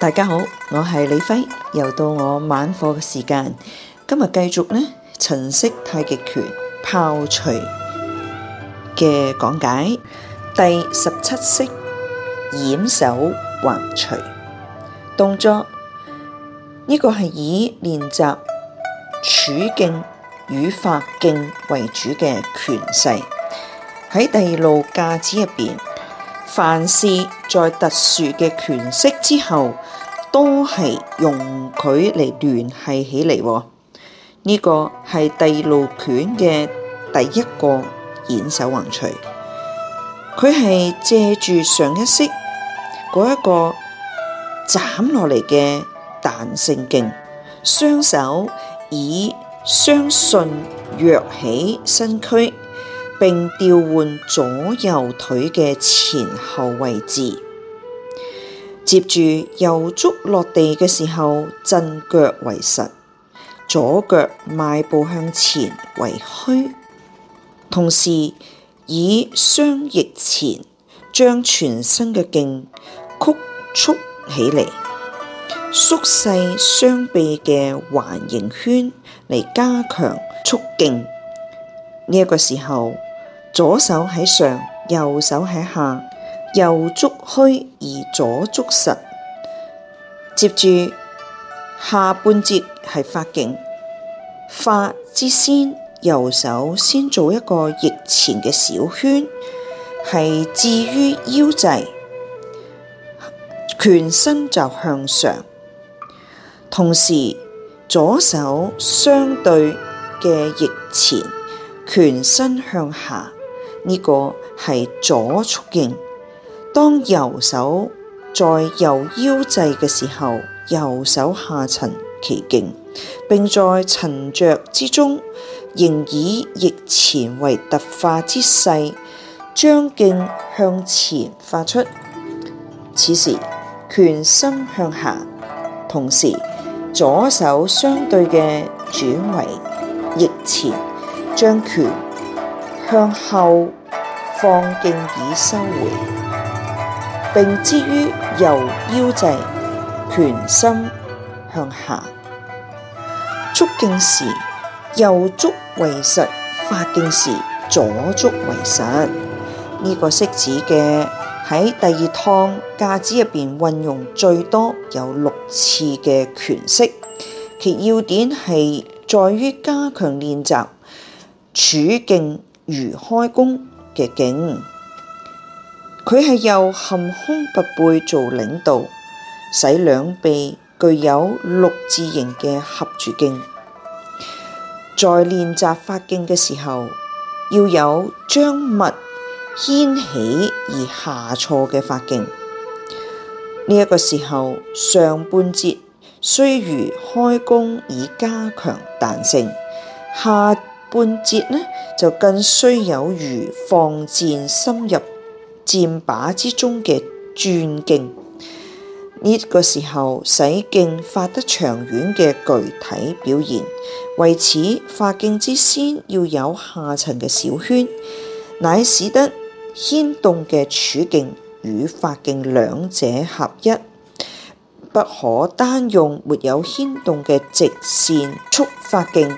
大家好，我係李輝，又到我晚課嘅時間。今日繼續呢，陳式太極拳炮捶嘅講解，第十七式掩手橫捶動作。呢、這個係以練習取勁與發勁為主嘅拳勢。喺第二路架子入邊，凡是在特殊嘅拳式之後。都係用佢嚟聯繫起嚟。哦，呢、這個係地路拳嘅第一個掩手橫錘。佢係借住上一式嗰一個斬落嚟嘅彈性勁，雙手以雙順躍起身軀，並調換左右腿嘅前後位置。接住右足落地嘅時候，震腳為實，左腳邁步向前為虛，同時以雙翼前將全身嘅勁曲促起嚟，縮細雙臂嘅環形圈嚟加強促勁。呢一個時候，左手喺上，右手喺下。右足虛而左足實，接住下半節係發勁，發之先右手先做一個逆前嘅小圈，係置於腰際，拳身就向上，同時左手相對嘅逆前，拳身向下，呢、這個係左出勁。當右手在右腰際嘅時候，右手下沉其勁，並在沉着之中，仍以逆前為突化之勢，將勁向前發出。此時拳心向下，同時左手相對嘅轉為逆前，將拳向後放勁以收回。並置於右腰際，拳心向下，足勁時右足為實，發勁時左足為實。呢、這個式子嘅喺第二趟架子入邊運用最多，有六次嘅拳式，其要點係在於加強練習，處勁如開弓嘅勁。佢係由含胸拔背做領導，使兩臂具有六字形嘅合住勁。在練習發勁嘅時候，要有將物掀起而下挫嘅發勁。呢、這、一個時候，上半節需如開弓以加強彈性，下半節呢就更需有如放箭深入箭靶之中嘅轉勁，呢、這個時候使勁發得長遠嘅具體表現。為此，發勁之先要有下層嘅小圈，乃使得牽動嘅處勁與發勁兩者合一，不可單用沒有牽動嘅直線速發勁。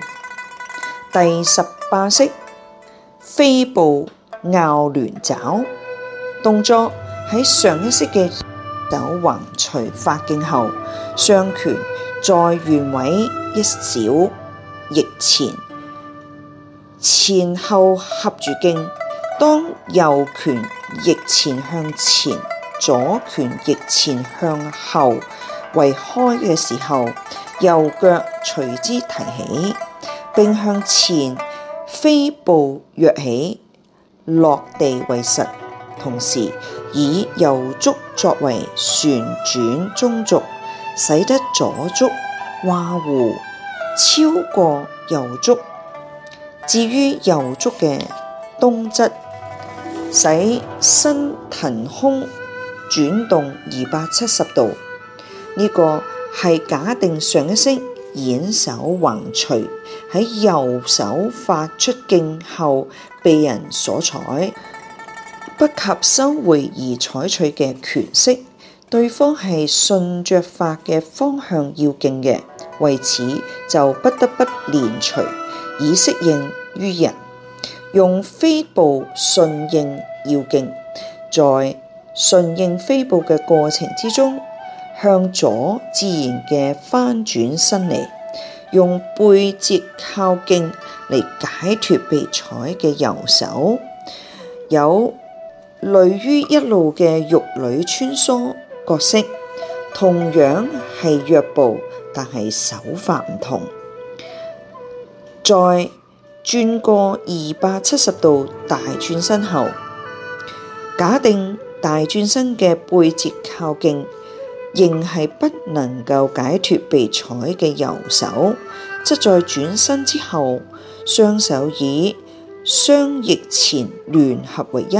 第十八式飛步拗聯爪。動作喺上一式嘅抖橫捶發勁後，雙拳在原位一小逆前，前後合住勁。當右拳逆前向前，左拳逆前向後為開嘅時候，右腳隨之提起並向前飛步躍起，落地為實。同時以右足作為旋轉中軸，使得左足畫弧超過右足，至於右足嘅東側，使身騰空轉動二百七十度。呢、這個係假定上一式掩手橫捶，喺右手發出勁後被人所採。不及收回而採取嘅權式，對方係順着法嘅方向要勁嘅，為此就不得不練除以適應於人，用飛步順應要勁，在順應飛步嘅過程之中，向左自然嘅翻轉身嚟，用背折靠勁嚟解脫被採嘅右手，有。類於一路嘅玉女穿梭角色，同樣係弱步，但係手法唔同。在轉過二百七十度大轉身後，假定大轉身嘅背節靠勁，仍係不能夠解脱被採嘅右手。則在轉身之後，雙手以雙翼前聯合為一。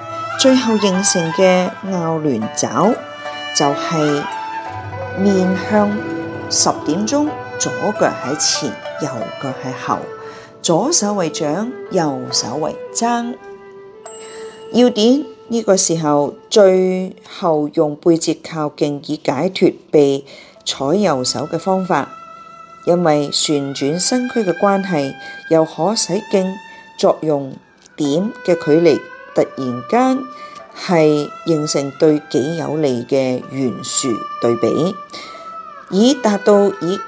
最後形成嘅拗聯爪就係面向十點鐘，左腳喺前，右腳喺後，左手為掌，右手為踭。要點，呢個時候，最後用背節靠勁以解脫被採右手嘅方法，因為旋轉身軀嘅關係，又可使勁作用點嘅距離。突然間係形成對己有利嘅懸殊對比，以達到以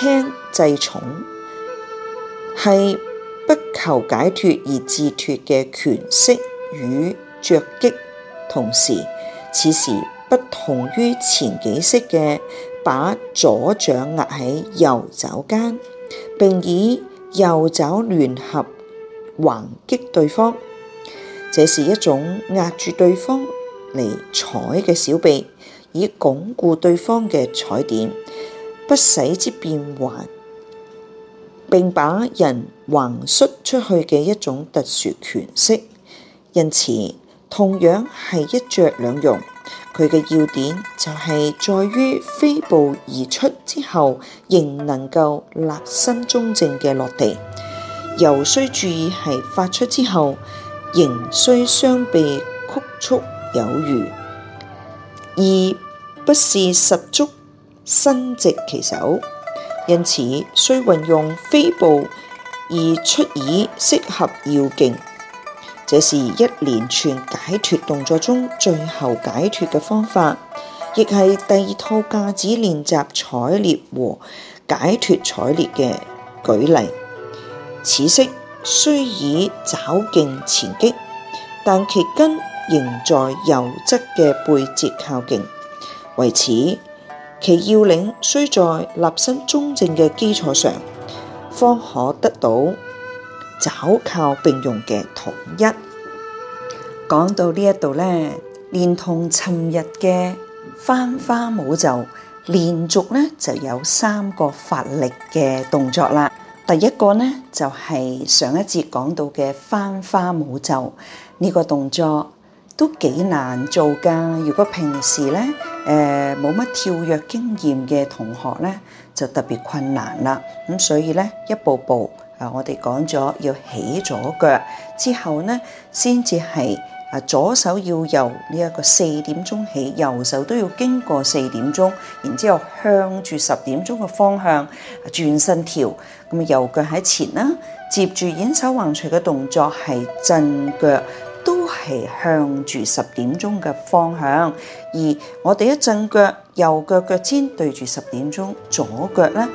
輕制重，係不求解脫而自脫嘅拳式與着擊。同時，此時不同於前幾式嘅，把左掌壓喺右肘間，並以右肘聯合橫擊對方。這是一種壓住對方嚟踩嘅小臂，以鞏固對方嘅踩點，不使之變幻，並把人橫摔出去嘅一種特殊拳式。因此，同樣係一着兩用。佢嘅要點就係在於飛步而出之後，仍能夠立身中正嘅落地。尤須注意係發出之後。仍需雙臂曲蓄有餘，而不是十足伸直其手，因此需運用飛步而出，以適合要勁。這是一連串解脫動作中最後解脫嘅方法，亦係第二套架子練習採挒和解脫採挒嘅舉例。此式。雖以爪勁前擊，但其根仍在右側嘅背脊靠勁。為此，其要領需在立身中正嘅基礎上，方可得到爪靠並用嘅統一。講到呢一度呢，連同尋日嘅翻花舞袖連續呢，就有三個發力嘅動作啦。第一個呢，就係、是、上一節講到嘅翻花舞袖呢，這個動作都幾難做㗎，如果平時呢，誒冇乜跳躍經驗嘅同學呢，就特別困難啦。咁所以呢，一步步啊，我哋講咗要起左腳之後呢，先至係。啊，左手要由呢一個四點鐘起，右手都要經過四點鐘，然之後向住十點鐘嘅方向轉身跳。咁右腳喺前啦，接住掩手橫錘嘅動作係震腳，都係向住十點鐘嘅方向。而我哋一震腳，右腳腳尖對住十點鐘，左腳呢。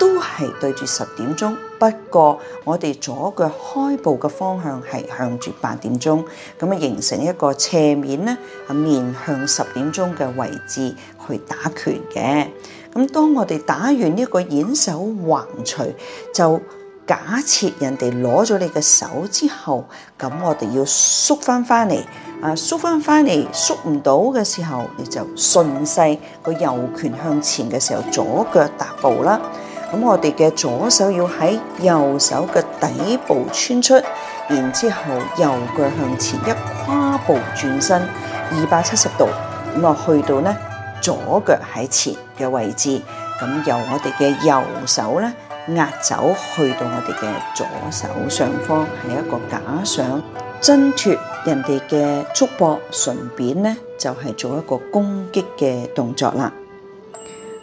都係對住十點鐘，不過我哋左腳開步嘅方向係向住八點鐘，咁啊形成一個斜面咧，啊面向十點鐘嘅位置去打拳嘅。咁當我哋打完呢個掩手橫捶，就假設人哋攞咗你嘅手之後，咁我哋要縮翻翻嚟，啊縮翻翻嚟，縮唔到嘅時候，你就順勢個右拳向前嘅時候，左腳踏步啦。咁我哋嘅左手要喺右手嘅底部穿出，然之後右腳向前一跨步轉身二百七十度，咁啊去到咧，左腳喺前嘅位置，咁由我哋嘅右手咧壓肘去到我哋嘅左手上方，係一個假想掙脫人哋嘅束縛，順便咧就係、是、做一個攻擊嘅動作啦。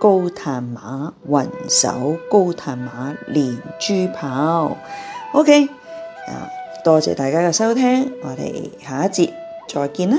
高探馬雲手，高探馬連珠炮。OK，啊，多謝大家嘅收聽，我哋下一節再見啦。